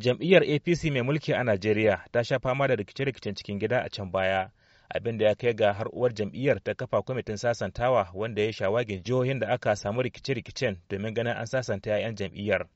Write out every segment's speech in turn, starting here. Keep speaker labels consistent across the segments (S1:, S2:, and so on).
S1: Jam'iyyar APC mai mulki a Najeriya ta sha fama da rikice-rikicen cikin gida a can baya, abin da ya kai ga har uwar jam'iyyar ta kafa kwamitin sasantawa wanda ya shawagin jihohin da aka samu rikice-rikicen domin ganin an sasanta 'ya'yan jam'iyyar.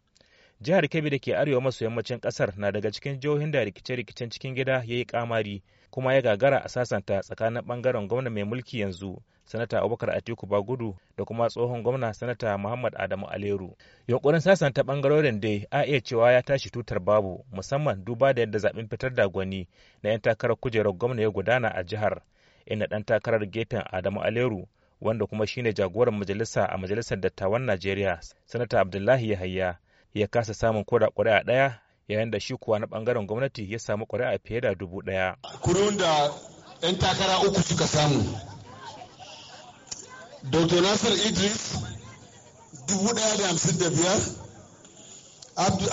S1: jihar kebbi da ke arewa maso yammacin kasar na daga cikin jihohin da rikice-rikicen cikin gida ya yi kamari kuma ya gagara a sasanta tsakanin bangaren gwamna mai mulki yanzu sanata abubakar atiku bagudu da kuma tsohon gwamna sanata muhammad adamu aleru yunkurin sasanta bangarorin dai a iya cewa ya tashi tutar babu musamman duba da yadda zaben fitar da gwani na 'yan takarar kujerar gwamna ya gudana a jihar inda dan takarar gefen adamu aleru wanda kuma shine jagoran majalisa a majalisar dattawan najeriya sanata abdullahi yahaya ya kasa samun kura ƙuri'a ɗaya yayin da shi kuwa na ɓangaren gwamnati ya samu a fiye da dubu ɗaya. kurun da 'yan takara uku suka samu dr nasir idris
S2: dubu ɗaya da hamsin da biyar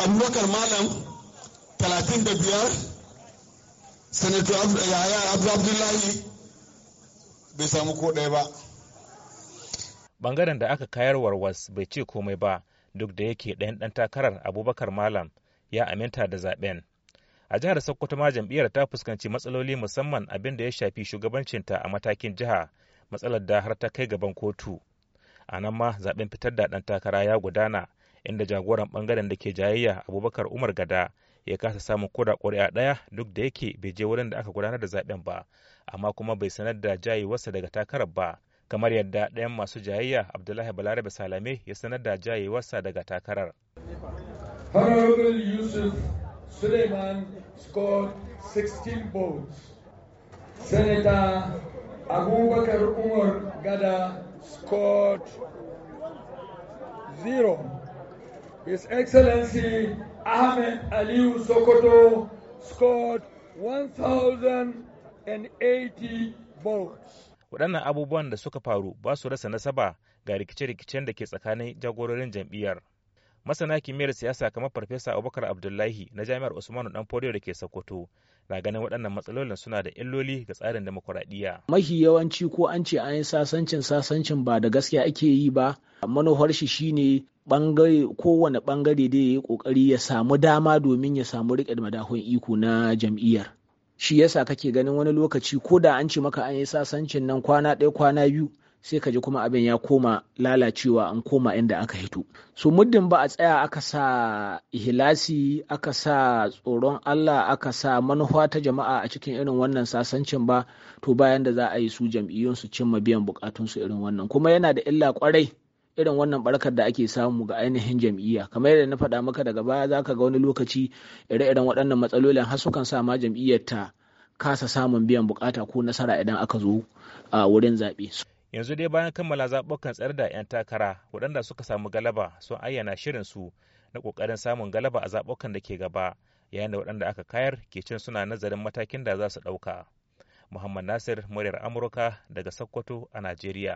S2: abubakar malam talatin da biyar sanato yaya abdullahi bai samu ko ɗaya ba
S1: bangaren da aka kayar warwas bai ce komai ba duk da yake ɗayan ɗan takarar abubakar malam ya aminta da zaben a jihar sokoto ma jam'iyyar ta fuskanci matsaloli musamman abin da ya shafi shugabancinta a matakin jiha matsalar da har ta kai gaban kotu a nan ma zaben fitar da ɗan takara ya gudana inda jagoran bangaren da ke jayayya abubakar umar gada ya kasa samun koda ƙuri'a ɗaya duk da yake bai je wurin da aka gudanar da zaben ba amma kuma bai sanar da jayewarsa daga takarar ba kamar yadda ɗayan masu jayayya abdullahi balarabe salame ya sanar da jayewarsa daga takarar honorable
S2: yusuf suleiman scored 16 votes senator abubakar umar gada scored 0
S1: his excellency ahmed aliyu sokoto scored
S2: 1080
S1: votes waɗannan abubuwan da suka faru ba su rasa nasaba ga rikice-rikicen da ke tsakanin jagororin jam'iyyar masana kimiyyar siyasa kamar farfesa abubakar abdullahi na jami'ar usmanu dan da ke sokoto na ganin waɗannan matsalolin suna da illoli ga tsarin demokuraɗiyya.
S2: mahi yawanci ko an ce an yi sasancin sasancin ba da gaskiya ake yi ba manufar shi shine bangare kowane bangare dai ya yi kokari ya samu dama domin ya samu riƙe madahun iko na jam'iyyar shi yasa kake ganin wani lokaci ko da an ce maka an yi sasancin nan kwana ɗaya kwana biyu sai ka ji kuma abin ya koma lalacewa an koma inda aka hito so muddin ba a tsaya aka sa ihilasi aka sa tsoron Allah aka sa manufa ta jama'a a cikin irin wannan sasancin ba to bayan da za a yi su jam'iyyun su cimma biyan bukatunsu irin wannan kuma yana da illa kwarai irin wannan barkar da ake samu ga ainihin jam'iyya kamar yadda na faɗa maka daga baya za ka ga wani lokaci ire-iren waɗannan matsalolin har sukan sa ma jam'iyyar ta kasa samun biyan bukata ko nasara idan aka zo a wurin zaɓe.
S1: yanzu dai bayan kammala zaɓukan tsayar da 'yan takara waɗanda suka samu galaba sun ayyana shirin su na ƙoƙarin samun galaba a zaɓukan da ke gaba yayin da waɗanda aka kayar ke cin suna nazarin matakin da za su ɗauka. Muhammad Nasir, muryar Amurka daga Sokoto a Najeriya.